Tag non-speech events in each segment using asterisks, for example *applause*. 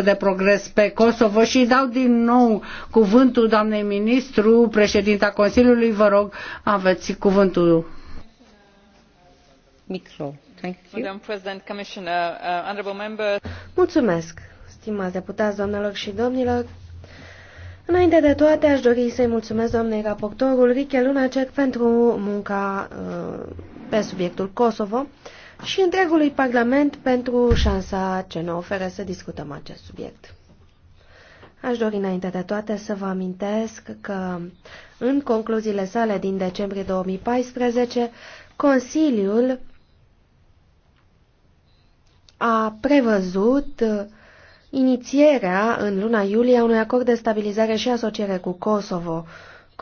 de progres pe Kosovo și dau din nou cuvântul doamnei ministru, președinta Consiliului, vă rog, aveți cuvântul. Micro. Thank you. Uh, mulțumesc, stimați deputați, doamnelor și domnilor. Înainte de toate, aș dori să-i mulțumesc doamnei raportorul Riche Lunacek pentru munca uh, pe subiectul Kosovo. Uh, și întregului Parlament pentru șansa ce ne oferă să discutăm acest subiect. Aș dori înainte de toate să vă amintesc că în concluziile sale din decembrie 2014, Consiliul a prevăzut inițierea în luna iulie a unui acord de stabilizare și asociere cu Kosovo,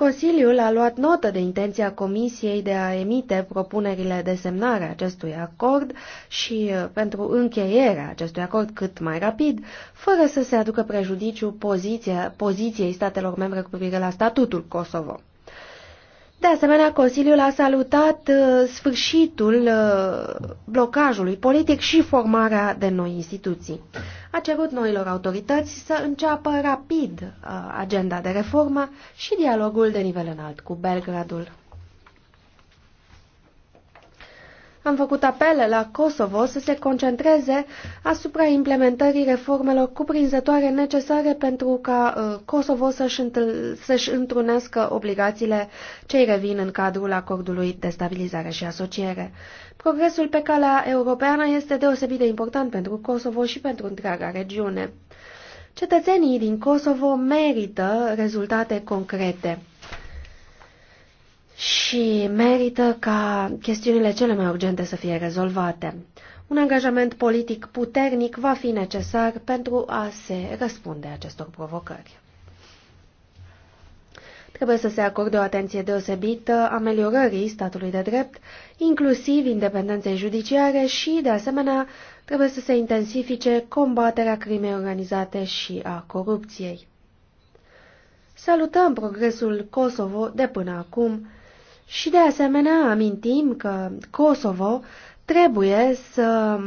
Consiliul a luat notă de intenția Comisiei de a emite propunerile de semnare a acestui acord și uh, pentru încheierea acestui acord cât mai rapid, fără să se aducă prejudiciu poziția, poziției statelor membre cu privire la statutul Kosovo. De asemenea, Consiliul a salutat uh, sfârșitul uh, blocajului politic și formarea de noi instituții. A cerut noilor autorități să înceapă rapid uh, agenda de reformă și dialogul de nivel înalt cu Belgradul. Am făcut apele la Kosovo să se concentreze asupra implementării reformelor cuprinzătoare necesare pentru ca uh, Kosovo să-și, să întrunească obligațiile ce îi revin în cadrul acordului de stabilizare și asociere. Progresul pe calea europeană este deosebit de important pentru Kosovo și pentru întreaga regiune. Cetățenii din Kosovo merită rezultate concrete și merită ca chestiunile cele mai urgente să fie rezolvate. Un angajament politic puternic va fi necesar pentru a se răspunde acestor provocări. Trebuie să se acorde o atenție deosebită ameliorării statului de drept, inclusiv independenței judiciare și, de asemenea, trebuie să se intensifice combaterea crimei organizate și a corupției. Salutăm progresul Kosovo de până acum, și de asemenea amintim că Kosovo trebuie să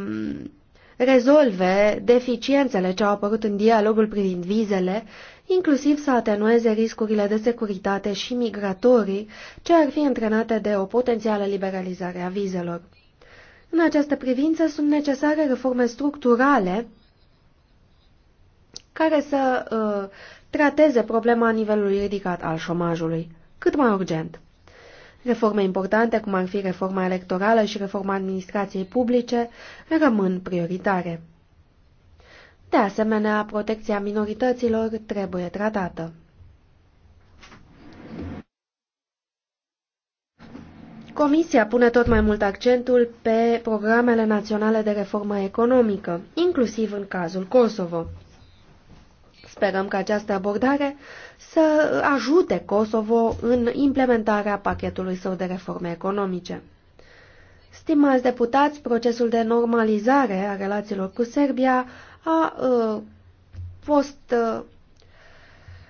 rezolve deficiențele ce au apărut în dialogul privind vizele, inclusiv să atenueze riscurile de securitate și migratorii ce ar fi întrenate de o potențială liberalizare a vizelor. În această privință sunt necesare reforme structurale care să uh, trateze problema nivelului ridicat al șomajului, cât mai urgent. Reforme importante, cum ar fi reforma electorală și reforma administrației publice, rămân prioritare. De asemenea, protecția minorităților trebuie tratată. Comisia pune tot mai mult accentul pe programele naționale de reformă economică, inclusiv în cazul Kosovo. Sperăm că această abordare să ajute Kosovo în implementarea pachetului său de reforme economice. Stimați deputați, procesul de normalizare a relațiilor cu Serbia a uh, fost uh,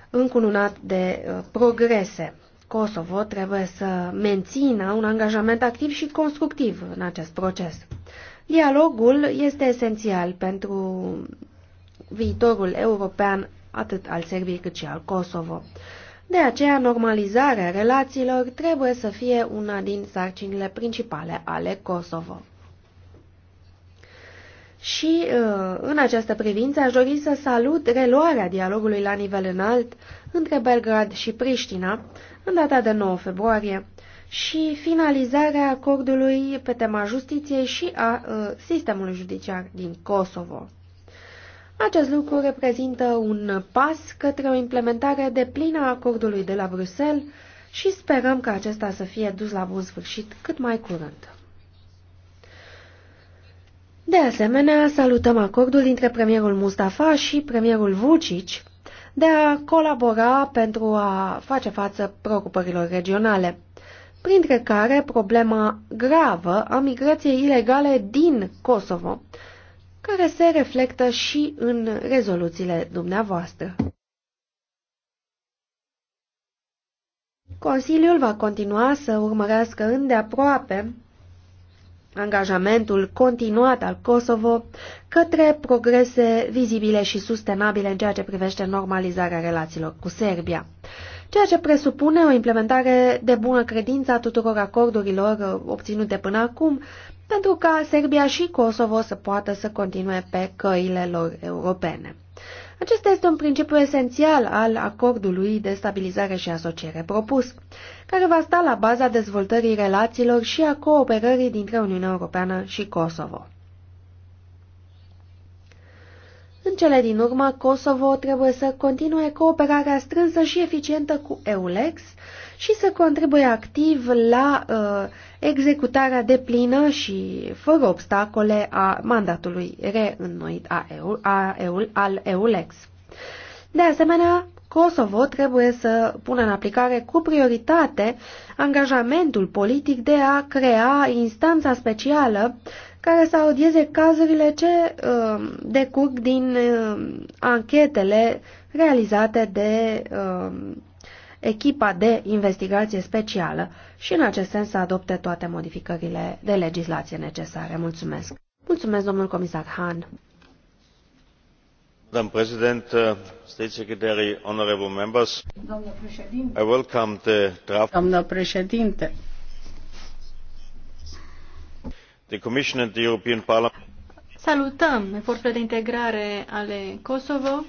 încununat de uh, progrese. Kosovo trebuie să mențină un angajament activ și constructiv în acest proces. Dialogul este esențial pentru viitorul european atât al Serbiei cât și al Kosovo. De aceea, normalizarea relațiilor trebuie să fie una din sarcinile principale ale Kosovo. Și uh, în această privință aș dori să salut reluarea dialogului la nivel înalt între Belgrad și Priștina în data de 9 februarie și finalizarea acordului pe tema justiției și a uh, sistemului judiciar din Kosovo. Acest lucru reprezintă un pas către o implementare de plină a acordului de la Bruxelles și sperăm că acesta să fie dus la bun sfârșit cât mai curând. De asemenea, salutăm acordul dintre premierul Mustafa și premierul Vucic de a colabora pentru a face față preocupărilor regionale, printre care problema gravă a migrației ilegale din Kosovo, care se reflectă și în rezoluțiile dumneavoastră. Consiliul va continua să urmărească îndeaproape angajamentul continuat al Kosovo către progrese vizibile și sustenabile în ceea ce privește normalizarea relațiilor cu Serbia, ceea ce presupune o implementare de bună credință a tuturor acordurilor obținute până acum, pentru ca Serbia și Kosovo să poată să continue pe căile lor europene. Acesta este un principiu esențial al acordului de stabilizare și asociere propus, care va sta la baza dezvoltării relațiilor și a cooperării dintre Uniunea Europeană și Kosovo. În cele din urmă, Kosovo trebuie să continue cooperarea strânsă și eficientă cu EULEX și să contribuie activ la uh, executarea deplină și fără obstacole a mandatului reînnoit a EU, a EU, al EULEX. De asemenea, Kosovo trebuie să pună în aplicare cu prioritate angajamentul politic de a crea instanța specială care să audieze cazurile ce uh, decurg din uh, anchetele realizate de uh, echipa de investigație specială și în acest sens să adopte toate modificările de legislație necesare. Mulțumesc. Mulțumesc, domnul comisar Han. Madam President, uh, State Secretary, honorable members, I welcome the draft. președinte, the Commission and the European Parliament. Salutăm eforturile de integrare ale Kosovo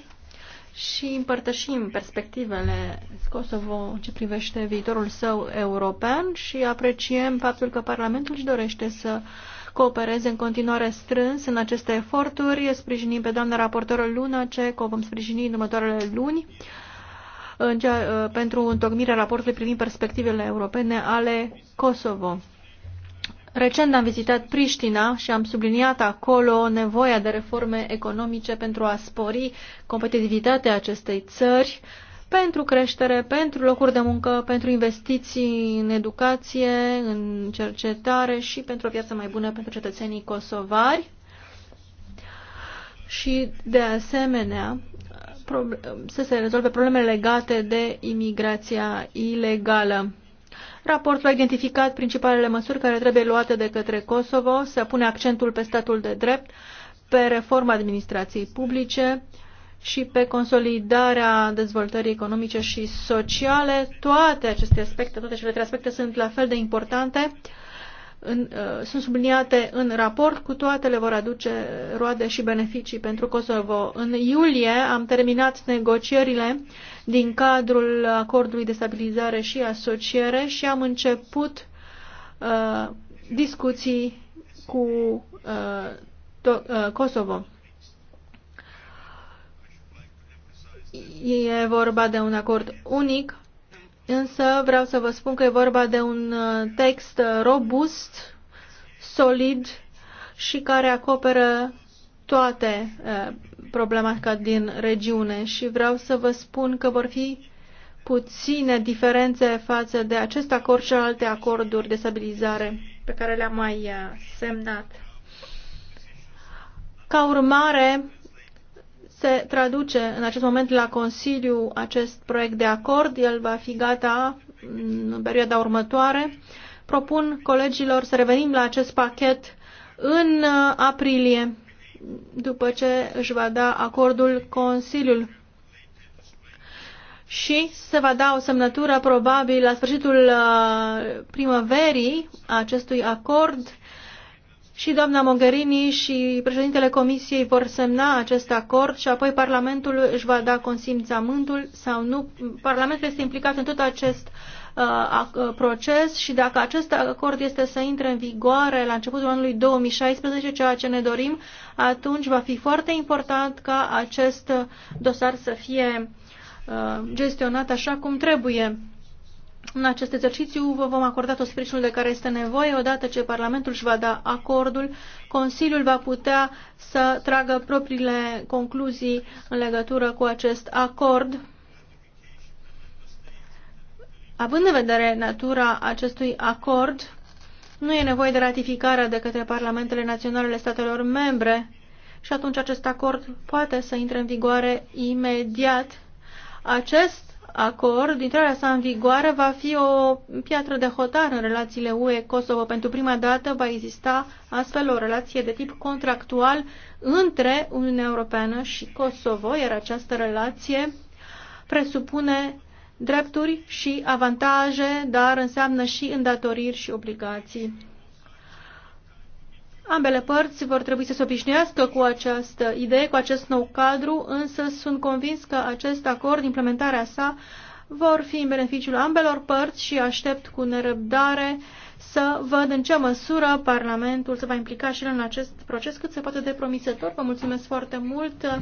și împărtășim perspectivele Kosovo în ce privește viitorul său european și apreciem faptul că Parlamentul își dorește să coopereze în continuare strâns în aceste eforturi. Sprijinim pe doamna raportoră Luna ce o vom sprijini în următoarele luni în cea, pentru întocmirea raportului privind perspectivele europene ale Kosovo. Recent am vizitat Priștina și am subliniat acolo nevoia de reforme economice pentru a spori competitivitatea acestei țări, pentru creștere, pentru locuri de muncă, pentru investiții în educație, în cercetare și pentru o viață mai bună pentru cetățenii kosovari. Și, de asemenea, să se rezolve problemele legate de imigrația ilegală. Raportul a identificat principalele măsuri care trebuie luate de către Kosovo, se pune accentul pe statul de drept, pe reforma administrației publice și pe consolidarea dezvoltării economice și sociale. Toate aceste aspecte, toate cele trei aspecte sunt la fel de importante în, uh, sunt subliniate în raport, cu toate le vor aduce roade și beneficii pentru Kosovo. În iulie am terminat negocierile din cadrul acordului de stabilizare și asociere și am început uh, discuții cu uh, to, uh, Kosovo. E vorba de un acord unic Însă vreau să vă spun că e vorba de un uh, text uh, robust, solid și care acoperă toate uh, problematica din regiune și vreau să vă spun că vor fi puține diferențe față de acest acord și alte acorduri de stabilizare pe care le-am mai semnat. Ca urmare, se traduce în acest moment la Consiliu acest proiect de acord. El va fi gata în perioada următoare. Propun colegilor să revenim la acest pachet în aprilie, după ce își va da acordul Consiliul. Și se va da o semnătură probabil la sfârșitul uh, primăverii acestui acord și doamna Mogherini și președintele Comisiei vor semna acest acord și apoi Parlamentul își va da consimțământul sau nu. Parlamentul este implicat în tot acest uh, uh proces și dacă acest acord este să intre în vigoare la începutul anului 2016, ceea ce ne dorim, atunci va fi foarte important ca acest dosar să fie uh, gestionat așa cum trebuie. În acest exercițiu vă vom acorda tot sprijinul de care este nevoie. Odată ce Parlamentul își va da acordul, Consiliul va putea să tragă propriile concluzii în legătură cu acest acord. Având în vedere natura acestui acord, nu e nevoie de ratificarea de către parlamentele naționale ale statelor membre și atunci acest acord poate să intre în vigoare imediat. Acest acord, intrarea sa în vigoare va fi o piatră de hotar în relațiile UE-Kosovo. Pentru prima dată va exista astfel o relație de tip contractual între Uniunea Europeană și Kosovo, iar această relație presupune drepturi și avantaje, dar înseamnă și îndatoriri și obligații. Ambele părți vor trebui să se obișnuiască cu această idee, cu acest nou cadru, însă sunt convins că acest acord, implementarea sa, vor fi în beneficiul ambelor părți și aștept cu nerăbdare să văd în ce măsură Parlamentul se va implica și în acest proces cât se poate de promisător. Vă mulțumesc foarte mult.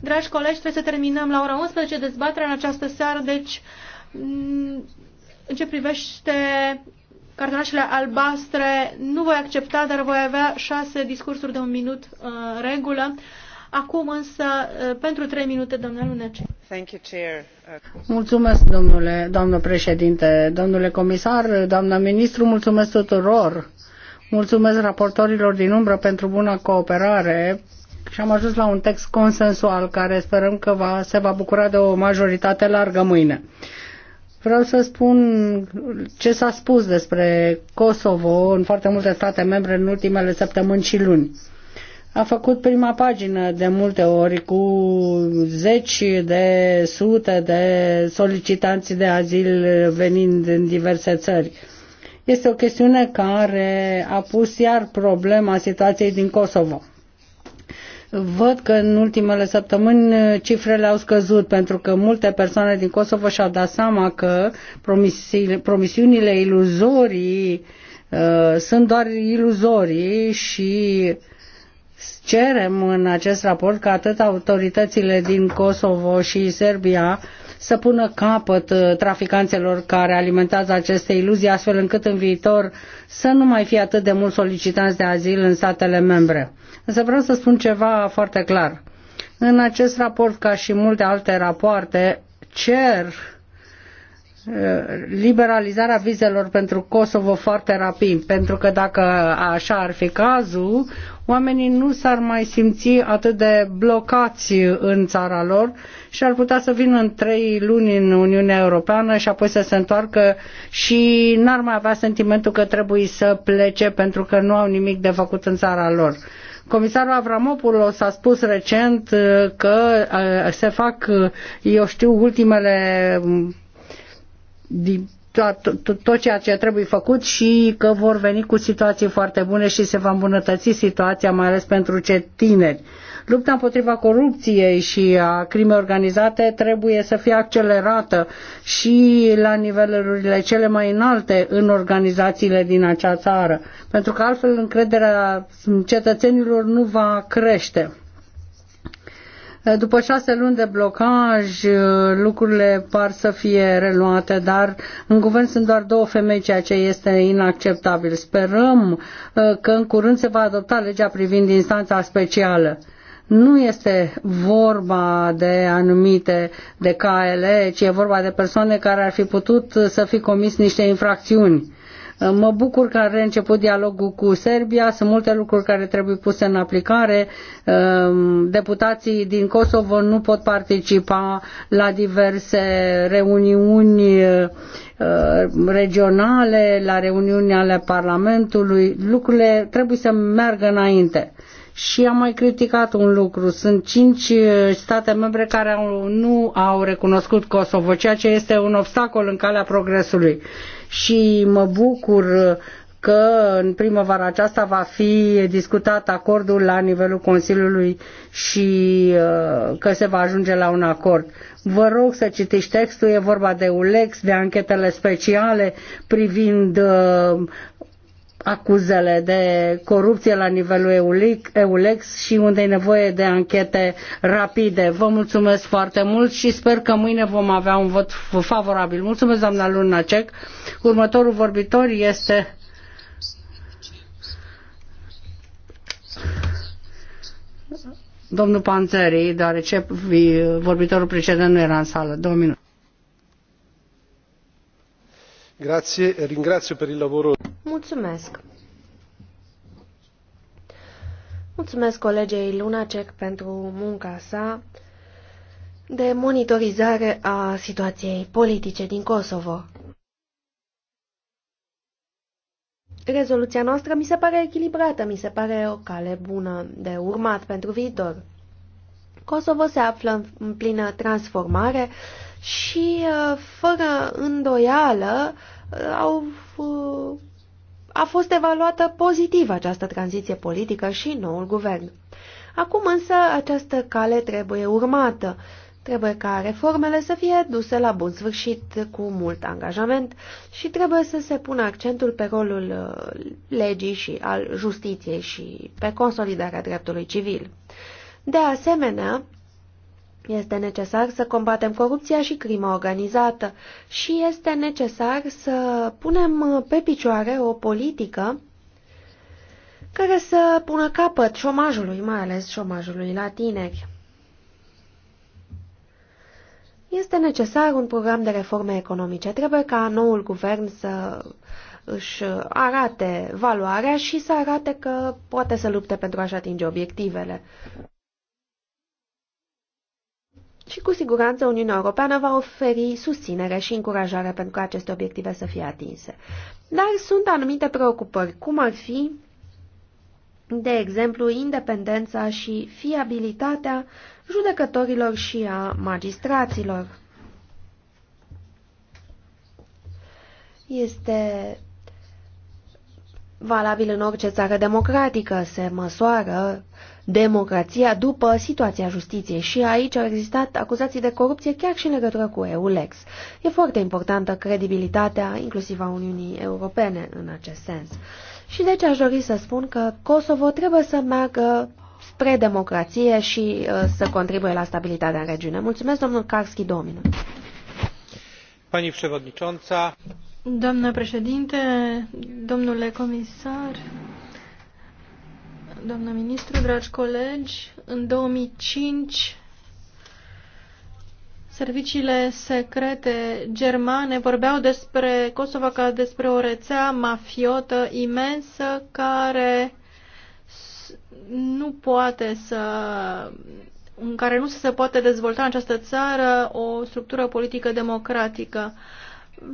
Dragi colegi, trebuie să terminăm la ora 11 dezbaterea în această seară, deci în ce privește cartonașele albastre nu voi accepta, dar voi avea șase discursuri de un minut în uh, regulă. Acum însă, uh, pentru trei minute, doamna Lunece. Thank you, Chair. Mulțumesc, domnule, doamnă președinte, domnule comisar, doamna ministru, mulțumesc tuturor. Mulțumesc raportorilor din umbră pentru bună cooperare și am ajuns la un text consensual care sperăm că va, se va bucura de o majoritate largă mâine. Vreau să spun ce s-a spus despre Kosovo în foarte multe state membre în ultimele săptămâni și luni. A făcut prima pagină de multe ori cu zeci de sute de solicitanți de azil venind din diverse țări. Este o chestiune care a pus iar problema situației din Kosovo Văd că în ultimele săptămâni uh, cifrele au scăzut pentru că multe persoane din Kosovo și-au dat seama că promisiunile iluzorii uh, sunt doar iluzorii și cerem în acest raport ca atât autoritățile din Kosovo și Serbia să pună capăt uh, traficanțelor care alimentează aceste iluzii, astfel încât în viitor să nu mai fie atât de mult solicitanți de azil în statele membre. Însă vreau să spun ceva foarte clar. În acest raport, ca și multe alte rapoarte, cer uh, liberalizarea vizelor pentru Kosovo foarte rapid, pentru că dacă așa ar fi cazul, oamenii nu s-ar mai simți atât de blocați în țara lor și ar putea să vină în trei luni în Uniunea Europeană și apoi să se întoarcă și n-ar mai avea sentimentul că trebuie să plece pentru că nu au nimic de făcut în țara lor. Comisarul Avramopoulos a spus recent uh, că uh, se fac, uh, eu știu, ultimele mm, tot, ceea ce trebuie făcut și că vor veni cu situații foarte bune și se va îmbunătăți situația, mai ales pentru cei tineri. Lupta împotriva corupției și a crimei organizate trebuie să fie accelerată și la nivelurile cele mai înalte în organizațiile din acea țară, pentru că altfel încrederea cetățenilor nu va crește. După șase luni de blocaj, lucrurile par să fie reluate, dar în guvern sunt doar două femei, ceea ce este inacceptabil. Sperăm uh, că în curând se va adopta legea privind instanța specială nu este vorba de anumite de KLE, ci e vorba de persoane care ar fi putut să fi comis niște infracțiuni. Ă, mă bucur că a reînceput dialogul cu Serbia, sunt multe lucruri care trebuie puse în aplicare. Ă, deputații din Kosovo nu pot participa la diverse reuniuni ă, regionale, la reuniuni ale Parlamentului. Lucrurile trebuie să meargă înainte. Și am mai criticat un lucru. Sunt cinci state membre care nu au recunoscut Kosovo, ceea ce este un obstacol în calea progresului și mă bucur că în primăvara aceasta va fi discutat acordul la nivelul Consiliului și uh, că se va ajunge la un acord. Vă rog să citiți textul, e vorba de ULEX, de anchetele speciale privind uh, acuzele de corupție la nivelul EULEX și unde e nevoie de anchete rapide. Vă mulțumesc foarte mult și sper că mâine vom avea un vot favorabil. Mulțumesc, doamna Lunacek. Următorul vorbitor este domnul Panțării, deoarece vorbitorul precedent nu era în sală. Două minute. Grazie, ringrazio per il lavoro. Mulțumesc. Mulțumesc colegei Lunacek pentru munca sa de monitorizare a situației politice din Kosovo. Rezoluția noastră mi se pare echilibrată, mi se pare o cale bună de urmat pentru viitor. Kosovo se află în plină transformare și, uh, fără îndoială, au, uh, a fost evaluată pozitiv această tranziție politică și noul guvern. Acum însă această cale trebuie urmată. Trebuie ca reformele să fie duse la bun sfârșit cu mult angajament și trebuie să se pună accentul pe rolul uh, legii și al justiției și pe consolidarea dreptului civil. De asemenea, este necesar să combatem corupția și crima organizată și este necesar să punem pe picioare o politică care să pună capăt șomajului, mai ales șomajului la tineri. Este necesar un program de reforme economice. Trebuie ca noul guvern să își arate valoarea și să arate că poate să lupte pentru a-și atinge obiectivele și cu siguranță Uniunea Europeană va oferi susținere și încurajare pentru ca aceste obiective să fie atinse. Dar sunt anumite preocupări, cum ar fi, de exemplu, independența și fiabilitatea judecătorilor și a magistraților. Este valabil în orice țară democratică, se măsoară uh, democrația după situația justiției și aici au existat acuzații de corupție chiar și în legătură cu EULEX. E foarte importantă credibilitatea, inclusiv a Uniunii Europene, în acest sens. Și deci aș dori să spun că Kosovo trebuie să meargă spre democrație și uh, să contribuie la stabilitatea în regiune. Mulțumesc, domnul Karski, două minute. Pani Domnule președinte, domnule comisar, doamnă ministru, dragi colegi, în 2005 serviciile secrete germane vorbeau despre Kosovo ca despre o rețea mafiotă imensă care nu poate să în care nu se poate dezvolta în această țară o structură politică democratică.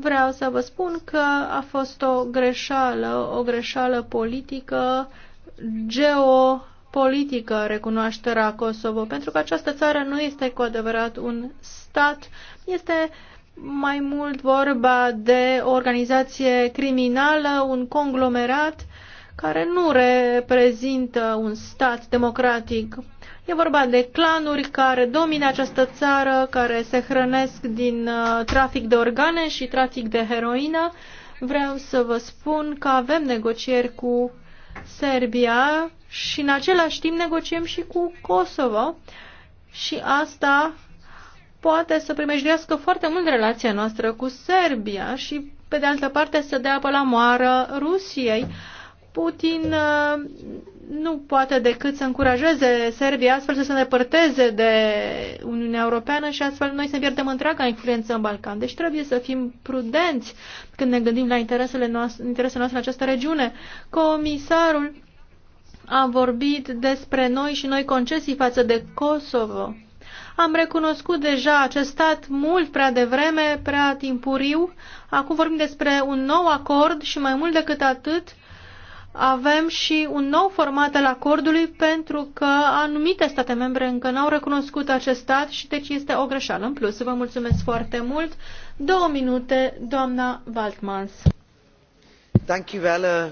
Vreau să vă spun că a fost o greșeală, o greșeală politică geopolitică recunoașterea Kosovo, pentru că această țară nu este cu adevărat un stat, este mai mult vorba de o organizație criminală, un conglomerat care nu reprezintă un stat democratic. E vorba de clanuri care domină această țară, care se hrănesc din uh, trafic de organe și trafic de heroină. Vreau să vă spun că avem negocieri cu Serbia și în același timp negociem și cu Kosovo și asta poate să primejduiască foarte mult relația noastră cu Serbia și pe de altă parte să dea apă la moară Rusiei. Putin uh, nu poate decât să încurajeze Serbia astfel să se îndepărteze de Uniunea Europeană și astfel noi să pierdem întreaga influență în Balcan. Deci trebuie să fim prudenți când ne gândim la interesele noastre, interesele noastre în această regiune. Comisarul a vorbit despre noi și noi concesii față de Kosovo. Am recunoscut deja acest stat mult prea devreme, prea timpuriu. Acum vorbim despre un nou acord și mai mult decât atât, avem și un nou format al acordului pentru că anumite state membre încă n-au recunoscut acest stat și deci este o greșeală în plus. Vă mulțumesc foarte mult. Două minute, doamna Waldmans. Eh,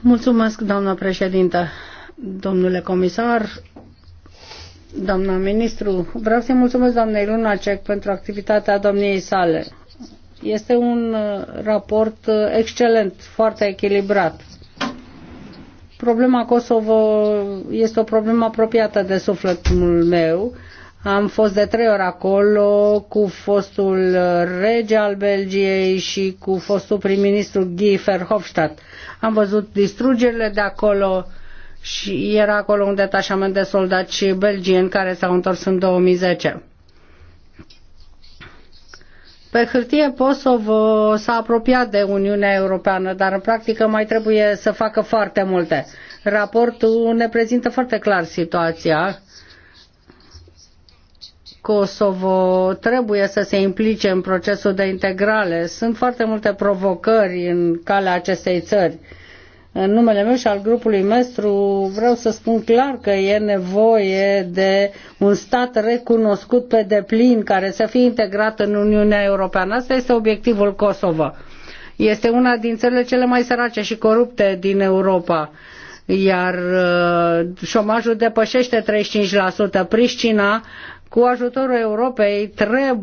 mulțumesc, doamna președintă, domnule comisar, doamna ministru. Vreau să-i mulțumesc doamnei Lunacek pentru activitatea domniei sale este un uh, raport uh, excelent, foarte echilibrat. Problema Kosovo este o problemă apropiată de sufletul meu. Am fost de trei ori acolo cu fostul uh, rege al Belgiei și cu fostul prim-ministru Guy Verhofstadt. Am văzut distrugerile de acolo și era acolo un detașament de soldați belgieni care s-au întors în 2010. Pe hârtie Kosovo s-a apropiat de Uniunea Europeană, dar în practică mai trebuie să facă foarte multe. Raportul ne prezintă foarte clar situația. Kosovo trebuie să se implice în procesul de integrare. Sunt foarte multe provocări în calea acestei țări în numele meu și al grupului mestru vreau să spun clar că e nevoie de un stat recunoscut pe deplin care să fie integrat în Uniunea Europeană. Asta este obiectivul Kosovo. Este una din țările cele mai sărace și corupte din Europa iar uh, șomajul depășește 35%. Priscina cu ajutorul Europei trebuie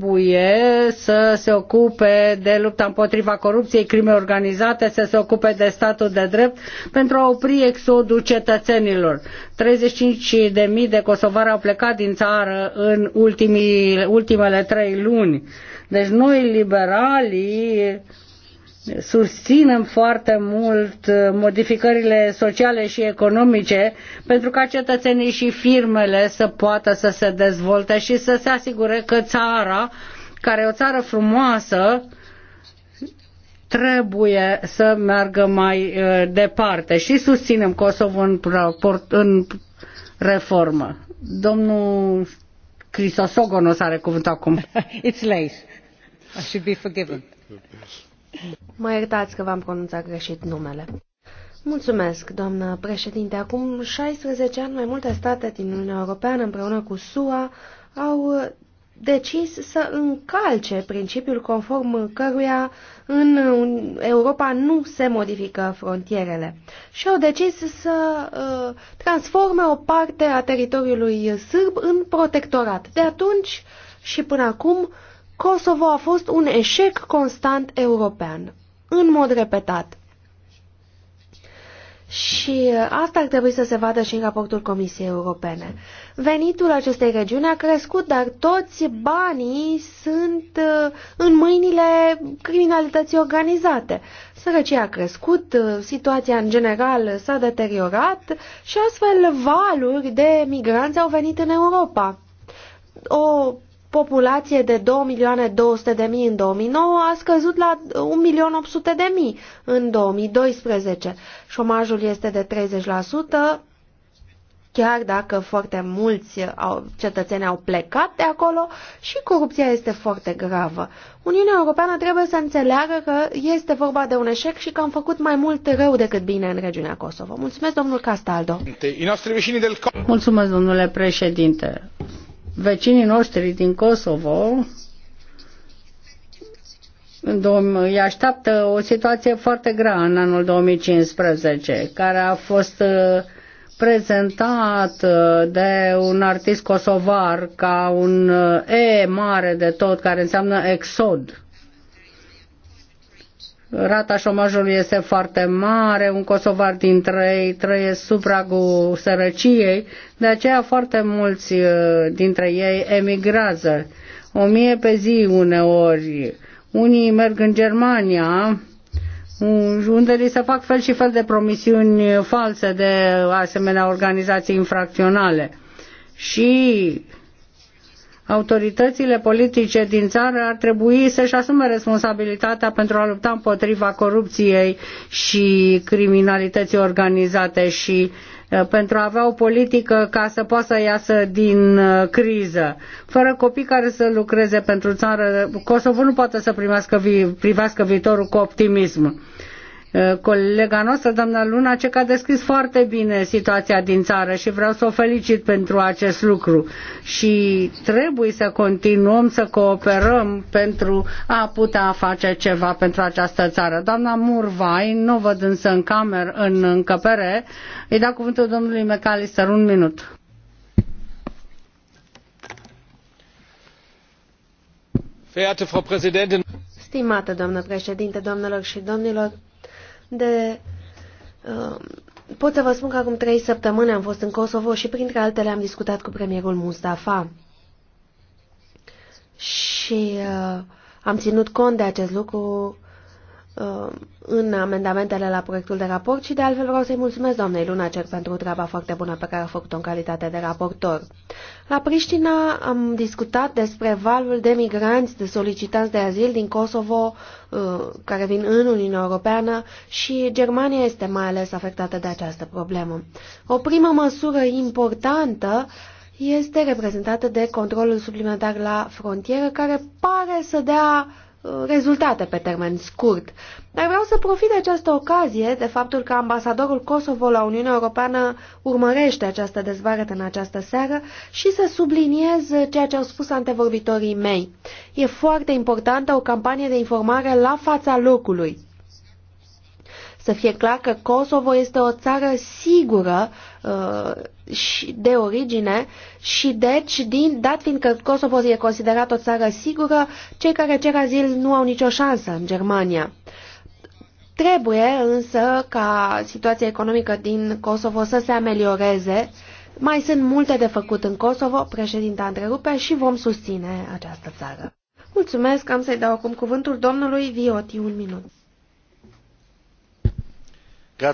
să se ocupe de lupta împotriva corupției, crime organizate, să se ocupe de statul de drept pentru a opri exodul cetățenilor. 35.000 de mii de kosovari au plecat din țară în ultimii, ultimele trei luni. Deci noi, liberalii, susținem foarte mult uh, modificările sociale și economice pentru ca cetățenii și firmele să poată să se dezvolte și să se asigure că țara, care e o țară frumoasă, trebuie să meargă mai uh, departe și susținem Kosovo în, în reformă. Domnul Crisosogonos are cuvântul acum. *laughs* It's late. I should be forgiven. Mă iertați că v-am pronunțat greșit numele. Mulțumesc, doamnă președinte. Acum 16 ani, mai multe state din Uniunea Europeană, împreună cu SUA, au decis să încalce principiul conform căruia în Europa nu se modifică frontierele și au decis să uh, transforme o parte a teritoriului sârb în protectorat. De atunci și până acum, Kosovo a fost un eșec constant european, în mod repetat. Și uh, asta ar trebui să se vadă și în raportul Comisiei Europene. Venitul acestei regiuni a crescut, dar toți banii sunt uh, în mâinile criminalității organizate. Sărăcia a crescut, uh, situația în general s-a deteriorat și astfel valuri de migranți au venit în Europa. O populație de 2 milioane 200 de mii în 2009 a scăzut la 1 milion 800 de mii în 2012. Șomajul este de 30%, chiar dacă foarte mulți au, cetățeni au plecat de acolo și corupția este foarte gravă. Uniunea Europeană trebuie să înțeleagă că este vorba de un eșec și că am făcut mai mult rău decât bine în regiunea Kosovo. Mulțumesc, domnul Castaldo. Mulțumesc, domnule președinte vecinii noștri din Kosovo îi așteaptă o situație foarte grea în anul 2015, care a fost uh, prezentat uh, de un artist kosovar ca un uh, E mare de tot, care înseamnă exod rata șomajului este foarte mare, un kosovar din trei trăie sub pragul sărăciei, de aceea foarte mulți uh, dintre ei emigrează. O mie pe zi uneori. Unii merg în Germania, unde li se fac fel și fel de promisiuni false de asemenea organizații infracționale. Și autoritățile politice din țară ar trebui să-și asume responsabilitatea pentru a lupta împotriva corupției și criminalității organizate și uh, pentru a avea o politică ca să poată să iasă din uh, criză. Fără copii care să lucreze pentru țară, Kosovo nu poate să primească, privească viitorul cu optimism Eh, colega noastră, doamna Luna, ce a descris foarte bine situația din țară și vreau să o felicit pentru acest lucru. Și trebuie să continuăm să cooperăm pentru a putea face ceva pentru această țară. Doamna Murvai, nu văd însă în cameră, în încăpere, îi dau cuvântul domnului McAllister, un minut. Stimată doamnă președinte, domnilor și domnilor, de... Uh, pot să vă spun că acum trei săptămâni am fost în Kosovo și printre altele am discutat cu premierul Mustafa. Și uh, am ținut cont de acest lucru Uh, în amendamentele la proiectul de raport și de altfel vreau să-i mulțumesc doamnei Lunacek pentru treaba foarte bună pe care a făcut-o în calitate de raportor. La Priștina am discutat despre valul de migranți, de solicitanți de azil din Kosovo uh, care vin în Uniunea Europeană și Germania este mai ales afectată de această problemă. O primă măsură importantă este reprezentată de controlul suplimentar la frontieră care pare să dea Uh, rezultate pe termen scurt. Dar vreau să profit de această ocazie de faptul că ambasadorul Kosovo la Uniunea Europeană urmărește această dezbatere în această seară și să subliniez ceea ce au spus antevorbitorii mei. E foarte importantă o campanie de informare la fața locului să fie clar că Kosovo este o țară sigură uh, și de origine și deci, din, dat fiind că Kosovo e considerat o țară sigură, cei care cer azil nu au nicio șansă în Germania. Trebuie însă ca situația economică din Kosovo să se amelioreze. Mai sunt multe de făcut în Kosovo, președinta întrerupe și vom susține această țară. Mulțumesc, am să-i dau acum cuvântul domnului Vioti, un minut. Uh,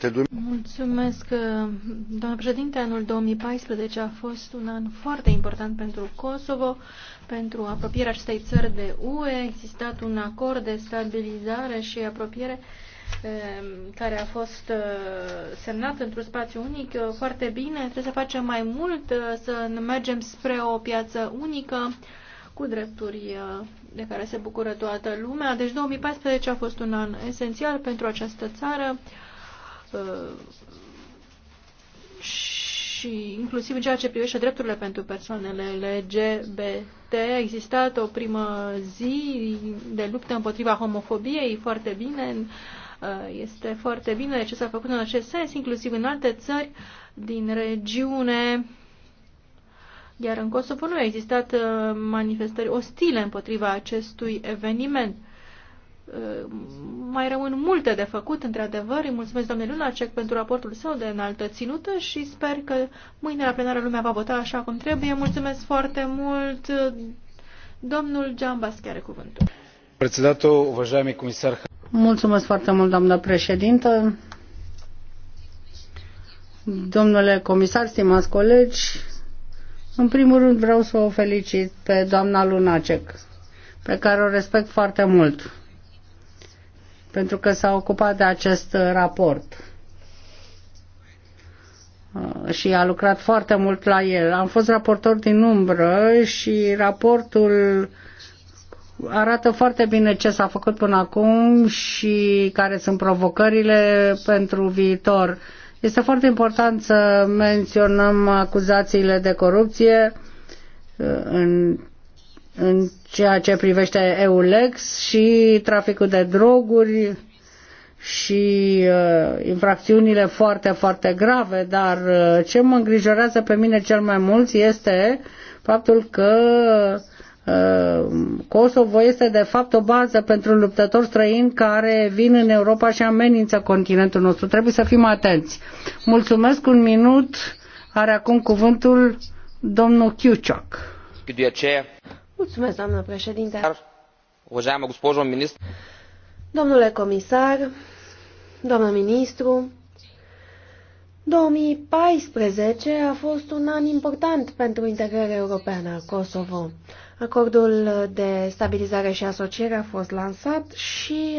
domnule președinte anul două mii paisprezece a fost un an foarte important pentru kosovo pentru apropierea acestei țări de ue a existat un acord de stabilizare și apropiere uh, care a fost uh, semnat într-un spațiu unic foarte bine. Trebuie să facem mai mult, să mergem spre o piață unică cu drepturi de care se bucură toată lumea. Deci 2014 a fost un an esențial pentru această țară uh, și inclusiv în ceea ce privește drepturile pentru persoanele LGBT. A existat o primă zi de luptă împotriva homofobiei foarte bine. Uh, este foarte bine ce s-a făcut în acest sens, inclusiv în alte țări din regiune. Iar în Kosovo nu au existat uh, manifestări ostile împotriva acestui eveniment. Uh, mai rămân multe de făcut, într-adevăr. Îi mulțumesc, domnule Lunacek, pentru raportul său de înaltă ținută și sper că mâine la plenară lumea va vota așa cum trebuie. Mulțumesc foarte mult. Domnul Giambas are cuvântul. Mulțumesc foarte mult, doamnă președintă. Domnule comisar, stimați colegi, în primul rând vreau să o felicit pe doamna Lunacek, pe care o respect foarte mult, pentru că s-a ocupat de acest raport uh, și a lucrat foarte mult la el. Am fost raportor din umbră și raportul arată foarte bine ce s-a făcut până acum și care sunt provocările pentru viitor este foarte important să menționăm acuzațiile de corupție uh, în, în ceea ce privește EULEX și traficul de droguri și uh, infracțiunile foarte, foarte grave, dar uh, ce mă îngrijorează pe mine cel mai mult este faptul că uh, Uh, Kosovo este de fapt o bază pentru luptători străini care vin în Europa și amenință continentul nostru. Trebuie să fim atenți. Mulțumesc un minut. Are acum cuvântul domnul Chiucioc. Mulțumesc, doamnă președinte. Domnule comisar, doamnă ministru, 2014 a fost un an important pentru integrarea europeană a Kosovo. Acordul de stabilizare și asociere a fost lansat și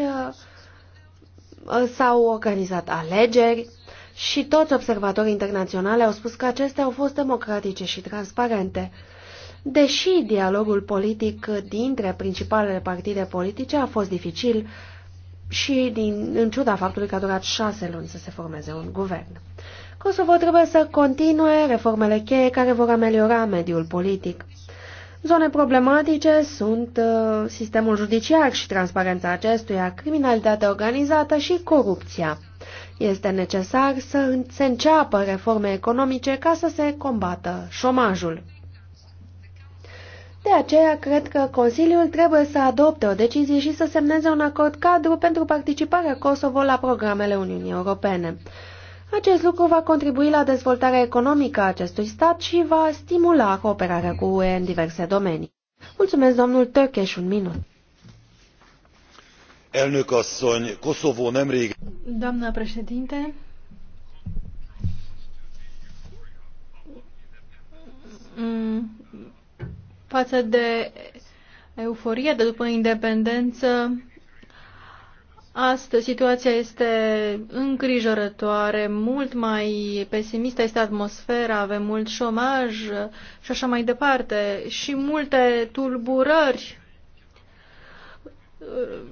uh, s-au organizat alegeri și toți observatorii internaționali au spus că acestea au fost democratice și transparente. Deși dialogul politic dintre principalele partide politice a fost dificil și din, în ciuda faptului că a durat șase luni să se formeze un guvern. Kosovo trebuie să continue reformele cheie care vor ameliora mediul politic. Zone problematice sunt uh, sistemul judiciar și transparența acestuia, criminalitatea organizată și corupția. Este necesar să se înceapă reforme economice ca să se combată șomajul. De aceea, cred că Consiliul trebuie să adopte o decizie și să semneze un acord cadru pentru participarea Kosovo la programele Uniunii Europene. Acest lucru va contribui la dezvoltarea economică a acestui stat și va stimula cooperarea cu UE în diverse domenii. Mulțumesc, domnul Tăcheș, un minut. Elnök Doamna președinte, mm, față de euforia de după independență, Astăzi situația este îngrijorătoare, mult mai pesimistă este atmosfera, avem mult șomaj și așa mai departe și multe tulburări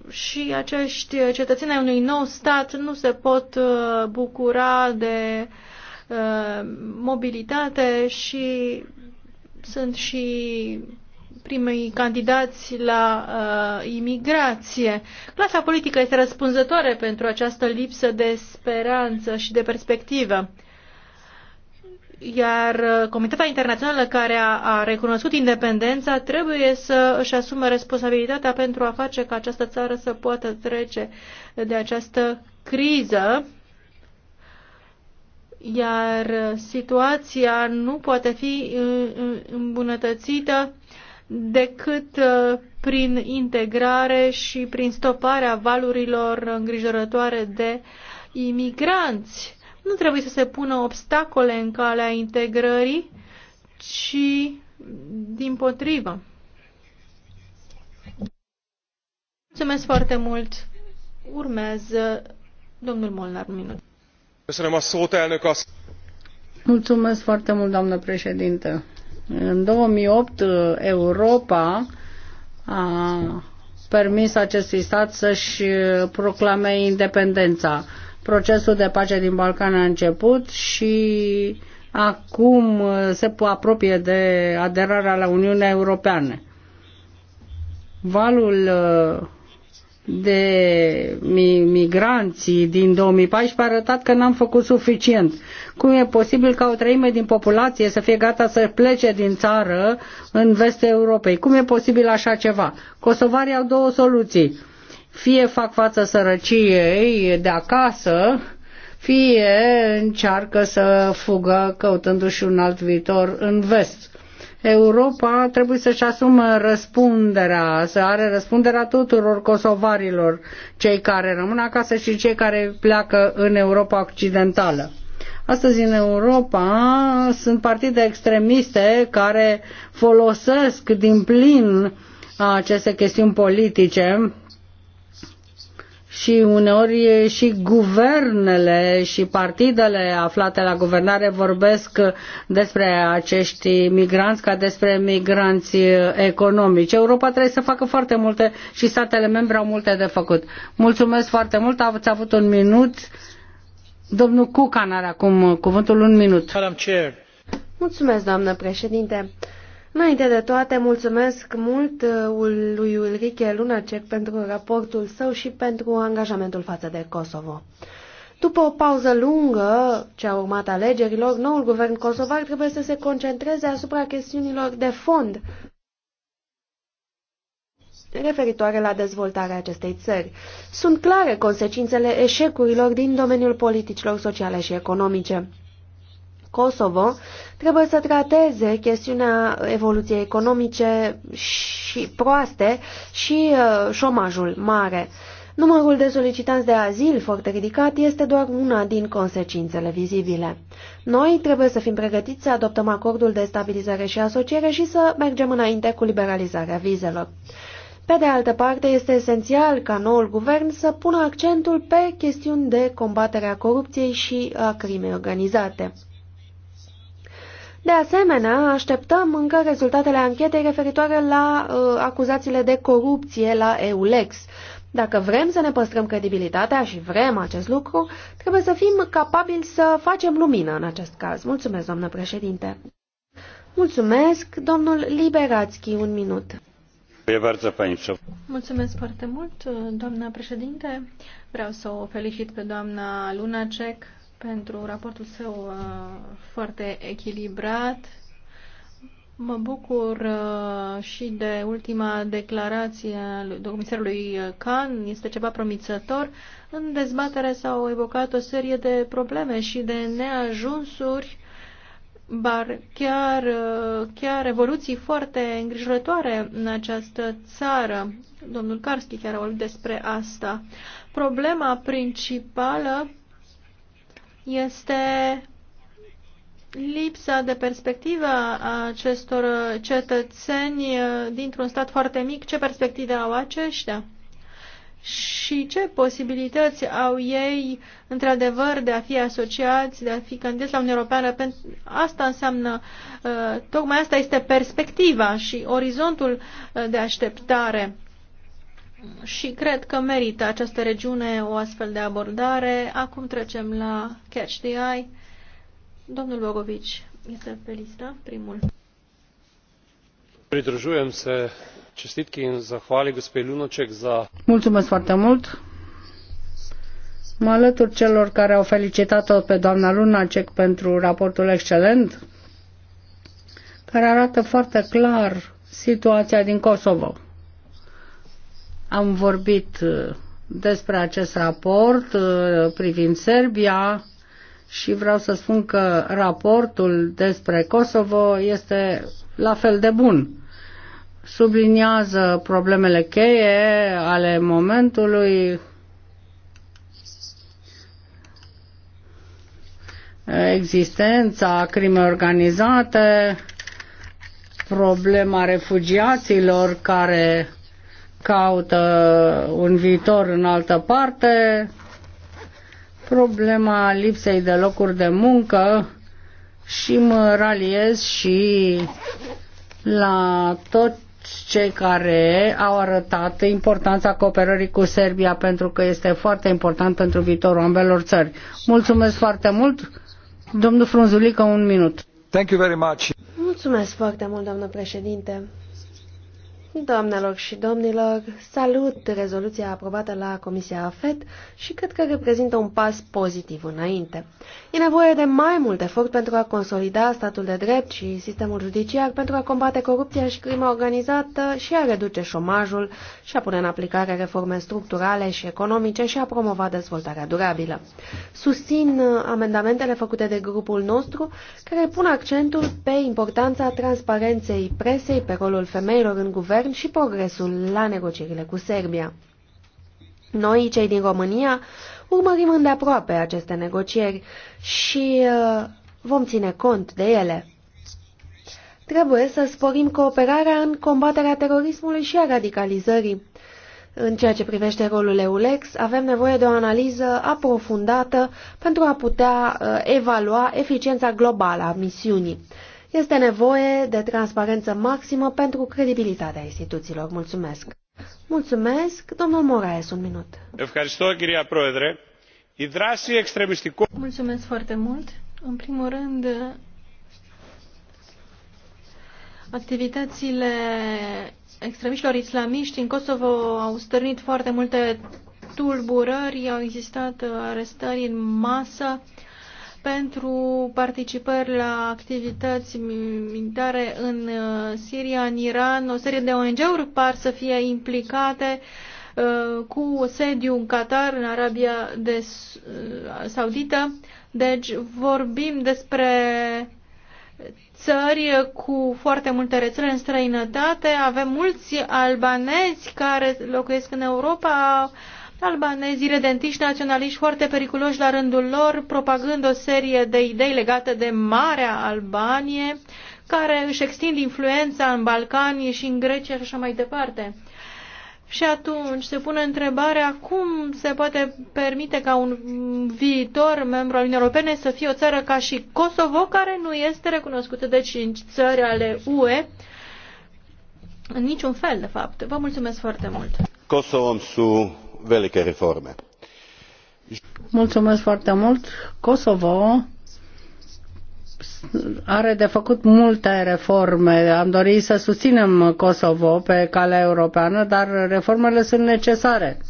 și acești cetățeni ai unui nou stat nu se pot uh, bucura de uh, mobilitate și sunt și primii candidați la uh, imigrație. Clasa politică este răspunzătoare pentru această lipsă de speranță și de perspectivă. Iar uh, Comitatea Internațională care a, a recunoscut independența trebuie să își asume responsabilitatea pentru a face ca această țară să poată trece de această criză iar uh, situația nu poate fi uh, îmbunătățită decât uh, prin integrare și prin stoparea valurilor îngrijorătoare de imigranți. Nu trebuie să se pună obstacole în calea integrării, ci din potrivă. Mulțumesc foarte mult. Urmează domnul Molnar minut. Mulțumesc foarte mult, doamnă președinte. În 2008, uh, Europa a permis acestui stat să-și uh, proclame independența. Procesul de pace din Balcan a început și acum uh, se apropie de aderarea la Uniunea Europeană. Valul de migranții din 2014 a arătat că n-am făcut suficient. Cum e posibil ca o treime din populație să fie gata să plece din țară în vestul Europei? Cum e posibil așa ceva? Kosovarii au două soluții. Fie fac față sărăciei de acasă, fie încearcă să fugă căutându-și un alt viitor în vest. Europa trebuie să-și asumă răspunderea, să are răspunderea tuturor kosovarilor, cei care rămân acasă și cei care pleacă în Europa Occidentală. Astăzi în Europa sunt partide extremiste care folosesc din plin aceste chestiuni politice și uneori și guvernele și partidele aflate la guvernare vorbesc despre acești migranți ca despre migranți economici. Europa trebuie să facă foarte multe și statele membre au multe de făcut. Mulțumesc foarte mult, ați avut un minut. Domnul Cucan are acum cuvântul un minut. Mulțumesc, doamnă președinte. Înainte de toate, mulțumesc mult uh, lui Ulrike Lunacek pentru raportul său și pentru angajamentul față de Kosovo. După o pauză lungă ce a urmat alegerilor, noul guvern kosovar trebuie să se concentreze asupra chestiunilor de fond referitoare la dezvoltarea acestei țări. Sunt clare consecințele eșecurilor din domeniul politicilor sociale și economice. Kosovo trebuie să trateze chestiunea evoluției economice și proaste și uh, șomajul mare. Numărul de solicitanți de azil foarte ridicat este doar una din consecințele vizibile. Noi trebuie să fim pregătiți să adoptăm acordul de stabilizare și asociere și să mergem înainte cu liberalizarea vizelor. Pe de altă parte, este esențial ca noul guvern să pună accentul pe chestiuni de combatere a corupției și a crimei organizate. De asemenea, așteptăm încă rezultatele anchetei referitoare la uh, acuzațiile de corupție la EULEX. Dacă vrem să ne păstrăm credibilitatea și vrem acest lucru, trebuie să fim capabili să facem lumină în acest caz. Mulțumesc, doamnă președinte. Mulțumesc, domnul Liberațchi, un minut. Mulțumesc foarte mult, doamna președinte. Vreau să o felicit pe doamna Lunacek pentru raportul său uh, foarte echilibrat. Mă bucur uh, și de ultima declarație a comisarului Khan, este ceva promițător. În dezbatere s-au evocat o serie de probleme și de neajunsuri, bar chiar, uh, chiar evoluții foarte îngrijorătoare în această țară. Domnul Karski chiar a vorbit despre asta. Problema principală este lipsa de perspectivă a acestor cetățeni dintr-un stat foarte mic, ce perspective au aceștia și ce posibilități au ei, într-adevăr, de a fi asociați, de a fi candidați la Uniunea Europeană. Pentru asta înseamnă, uh, tocmai asta este perspectiva și orizontul uh, de așteptare și cred că merită această regiune o astfel de abordare. Acum trecem la Catch the Eye. Domnul Bogovici este pe listă, primul. Pridružujem se čestitki in zahvali gospei Lunoček za... Mulțumesc foarte mult! Mă alătur celor care au felicitat-o pe doamna Lunacek pentru raportul excelent, care arată foarte clar situația din Kosovo am vorbit uh, despre acest raport uh, privind Serbia și vreau să spun că raportul despre Kosovo este la fel de bun. Subliniază problemele cheie ale momentului, existența crime organizate, problema refugiaților care caută un viitor în altă parte, problema lipsei de locuri de muncă și mă raliez și la tot cei care au arătat importanța cooperării cu Serbia pentru că este foarte important pentru viitorul ambelor țări. Mulțumesc foarte mult. Domnul Frunzulică, un minut. Thank you very much. Mulțumesc foarte mult, doamnă președinte. Doamnelor și domnilor, salut rezoluția aprobată la Comisia AFET și cred că reprezintă un pas pozitiv înainte. E nevoie de mai mult efort pentru a consolida statul de drept și sistemul judiciar, pentru a combate corupția și crima organizată și a reduce șomajul și a pune în aplicare reforme structurale și economice și a promova dezvoltarea durabilă. Susțin amendamentele făcute de grupul nostru care pun accentul pe importanța transparenței presei, pe rolul femeilor în guvern, intern și progresul la negocierile cu Serbia. Noi, cei din România, urmărim îndeaproape aceste negocieri și uh, vom ține cont de ele. Trebuie să sporim cooperarea în combaterea terorismului și a radicalizării. În ceea ce privește rolul EULEX, avem nevoie de o analiză aprofundată pentru a putea uh, evalua eficiența globală a misiunii. Este nevoie de transparență maximă pentru credibilitatea instituțiilor. Mulțumesc! Mulțumesc, domnul Moraes, un minut. Mulțumesc foarte mult. În primul rând, activitățile extremiștilor islamiști în Kosovo au stârnit foarte multe tulburări, au existat arestări în masă pentru participări la activități militare în uh, Siria, în Iran. O serie de ONG-uri par să fie implicate uh, cu sediu în Qatar, în Arabia de uh, Saudită. Deci vorbim despre țări cu foarte multe rețele în străinătate. Avem mulți albanezi care locuiesc în Europa, albanezii redentiști naționaliști foarte periculoși la rândul lor, propagând o serie de idei legate de Marea Albanie, care își extind influența în Balcani și în Grecia și așa mai departe. Și atunci se pune întrebarea cum se poate permite ca un viitor membru al Uniunii Europene să fie o țară ca și Kosovo, care nu este recunoscută de cinci țări ale UE, în niciun fel, de fapt. Vă mulțumesc foarte mult! su velike reforme. Mulțumesc foarte mult. Kosovo are de făcut multe reforme. Am dorit să susținem Kosovo pe calea europeană, dar reformele sunt necesare.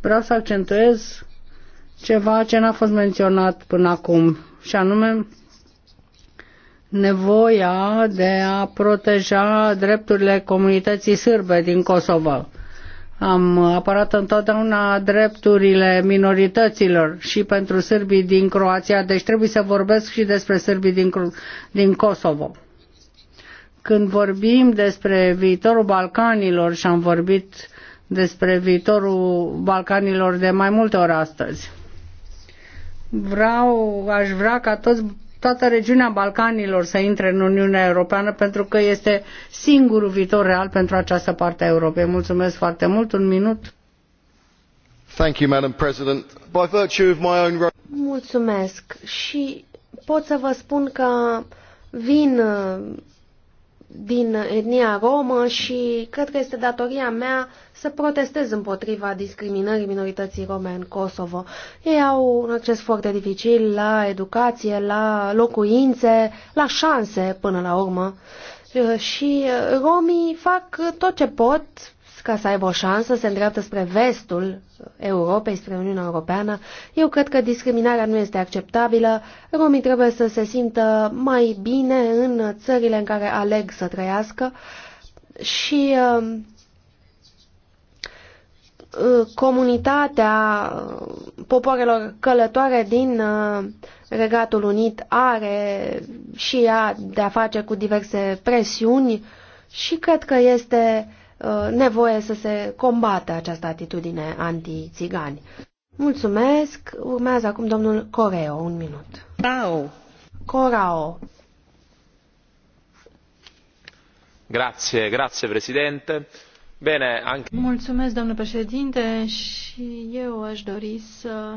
Vreau să accentuez ceva ce n-a fost menționat până acum, și anume nevoia de a proteja drepturile comunității sârbe din Kosovo. Am apărat întotdeauna drepturile minorităților și pentru sârbii din Croația, deci trebuie să vorbesc și despre sârbii din, din Kosovo. Când vorbim despre viitorul Balcanilor și am vorbit despre viitorul Balcanilor de mai multe ori astăzi vreau, aș vrea ca toți toată regiunea Balcanilor să intre în Uniunea Europeană pentru că este singurul viitor real pentru această parte a Europei. Mulțumesc foarte mult. Un minut. Thank you, Madam President. By virtue of my own... Mulțumesc. Și pot să vă spun că vin din etnia romă și cred că este datoria mea să protestez împotriva discriminării minorității rome în Kosovo. Ei au un acces foarte dificil la educație, la locuințe, la șanse până la urmă și romii fac tot ce pot ca să aibă o șansă, se îndreaptă spre vestul Europei, spre Uniunea Europeană. Eu cred că discriminarea nu este acceptabilă. Romii trebuie să se simtă mai bine în țările în care aleg să trăiască și um, uh, comunitatea popoarelor călătoare din uh, Regatul Unit are și ea de a face cu diverse presiuni și cred că este Uh, nevoie să se combată această atitudine anti-țigani. Mulțumesc. Urmează acum domnul Coreo, un minut. Corao. Corao. Grazie, grazie, președinte. Bene, anche... Mulțumesc, domnule președinte, și eu aș dori să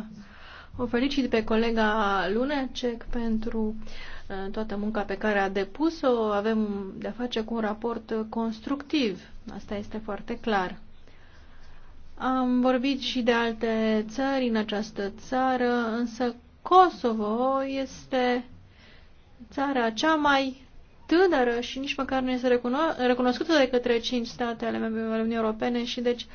o felicit pe colega Lunacek pentru uh, toată munca pe care a depus-o. Avem de-a face cu un raport constructiv. Asta este foarte clar. Am vorbit și de alte țări în această țară, însă Kosovo este țara cea mai tânără și nici măcar nu este recuno- recunoscută de către cinci state ale Uniunii Europene și deci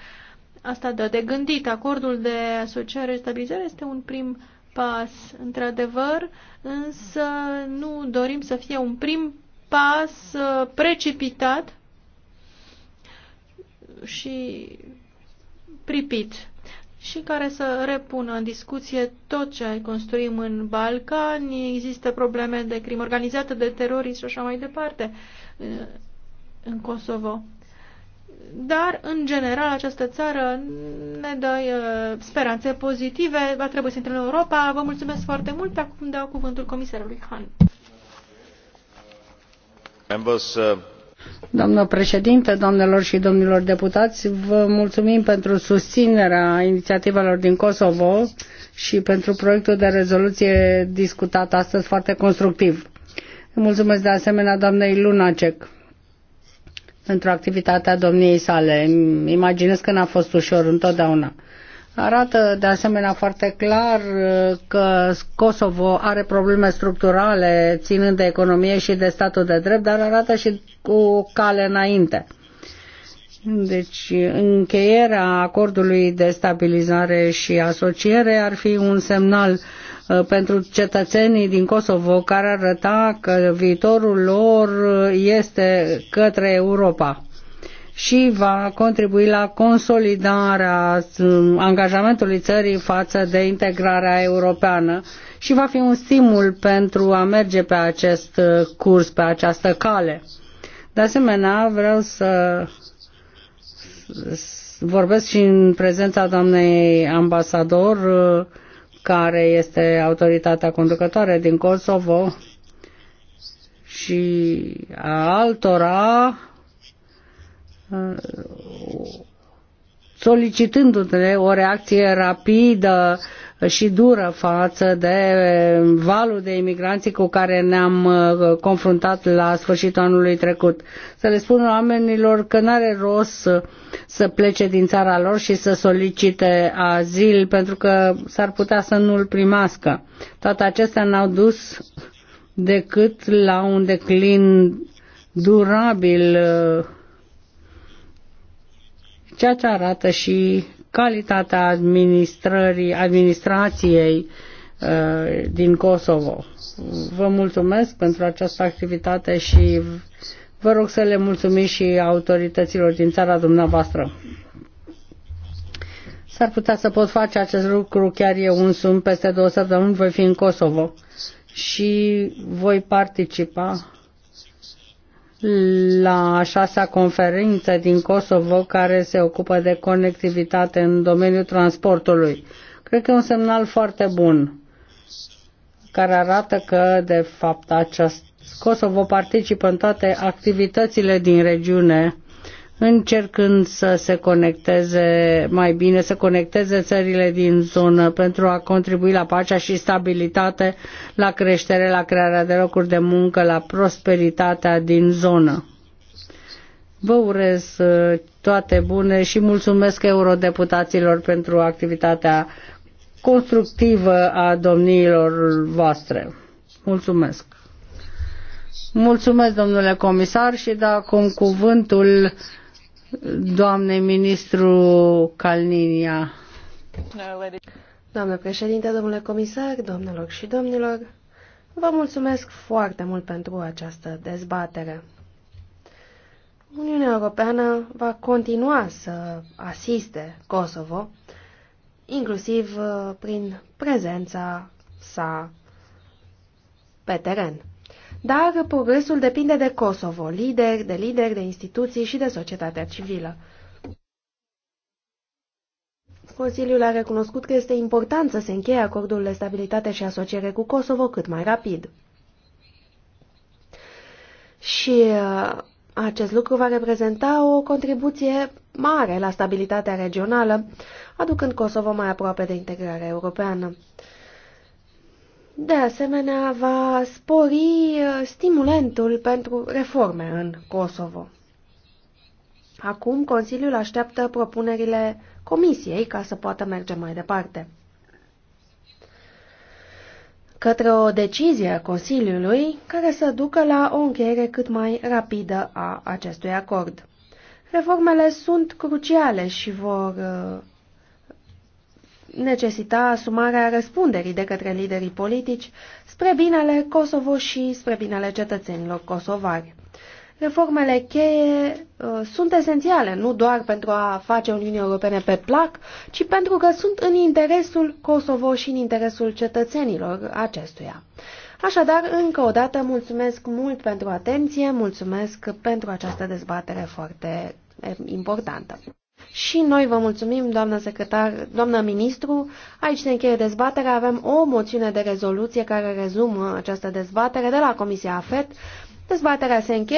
asta dă de gândit. Acordul de asociere și stabilizare este un prim pas, într-adevăr, însă nu dorim să fie un prim pas uh, precipitat și pripit și care să repună în discuție tot ce construim în Balcani. Există probleme de crimă organizată, de terorism și așa mai departe uh, în Kosovo. Dar, în general, această țară ne dă uh, speranțe pozitive. Va trebui să intrăm în Europa. Vă mulțumesc foarte mult. Acum dau cuvântul comisarului Han. Members, uh... Doamnă președinte, doamnelor și domnilor deputați, vă mulțumim pentru susținerea inițiativelor din Kosovo și pentru proiectul de rezoluție discutat astăzi foarte constructiv. Mulțumesc de asemenea doamnei Lunacek pentru activitatea domniei sale. Imaginez că n-a fost ușor întotdeauna. Arată de asemenea foarte clar uh, că Kosovo are probleme structurale ținând de economie și de statul de drept, dar arată și cu cale înainte. Deci încheierea acordului de stabilizare și asociere ar fi un semnal uh, pentru cetățenii din Kosovo care arăta că viitorul lor uh, este către Europa și va contribui la consolidarea um, angajamentului țării față de integrarea europeană și va fi un stimul pentru a merge pe acest uh, curs, pe această cale. De asemenea, vreau să vorbesc și în prezența doamnei ambasador, care este autoritatea conducătoare din Kosovo și a altora solicitându-ne o reacție rapidă și dură față de valul de imigranții cu care ne-am uh, confruntat la sfârșitul anului trecut. Să le spun oamenilor că nu are rost să plece din țara lor și să solicite azil pentru că s-ar putea să nu-l primească. Toate acestea n-au dus decât la un declin durabil uh, ceea ce arată și calitatea administrării, administrației uh, din Kosovo. Vă mulțumesc pentru această activitate și vă rog să le mulțumiți și autorităților din țara dumneavoastră. S-ar putea să pot face acest lucru chiar eu însumi, peste două săptămâni voi fi în Kosovo și voi participa la a șasea conferință din Kosovo care se ocupă de conectivitate în domeniul transportului. Cred că e un semnal foarte bun care arată că, de fapt, acest Kosovo participă în toate activitățile din regiune încercând să se conecteze mai bine, să conecteze țările din zonă pentru a contribui la pacea și stabilitate, la creștere, la crearea de locuri de muncă, la prosperitatea din zonă. Vă urez uh, toate bune și mulțumesc eurodeputaților pentru activitatea constructivă a domniilor voastre. Mulțumesc! Mulțumesc, domnule comisar, și da acum cuvântul Doamne ministru Calninia. Doamnă președinte, domnule comisar, domnilor și domnilor, vă mulțumesc foarte mult pentru această dezbatere. Uniunea Europeană va continua să asiste Kosovo, inclusiv uh, prin prezența sa pe teren dar progresul depinde de Kosovo, lider, de lideri, de instituții și de societatea civilă. Consiliul a recunoscut că este important să se încheie acordul de stabilitate și asociere cu Kosovo cât mai rapid. Și uh, acest lucru va reprezenta o contribuție mare la stabilitatea regională, aducând Kosovo mai aproape de integrarea europeană. De asemenea, va spori uh, stimulentul pentru reforme în Kosovo. Acum, Consiliul așteaptă propunerile Comisiei ca să poată merge mai departe. Către o decizie a Consiliului care să ducă la o încheiere cât mai rapidă a acestui acord. Reformele sunt cruciale și vor uh, necesita asumarea răspunderii de către liderii politici spre binele Kosovo și spre binele cetățenilor kosovari. Reformele cheie uh, sunt esențiale nu doar pentru a face Uniunea Europene pe plac, ci pentru că sunt în interesul Kosovo și în interesul cetățenilor acestuia. Așadar, încă o dată, mulțumesc mult pentru atenție, mulțumesc pentru această dezbatere foarte eh, importantă. Și noi vă mulțumim, doamnă secretar, doamnă ministru. Aici se încheie dezbaterea. Avem o moțiune de rezoluție care rezumă această dezbatere de la Comisia AFET. Dezbaterea se încheie.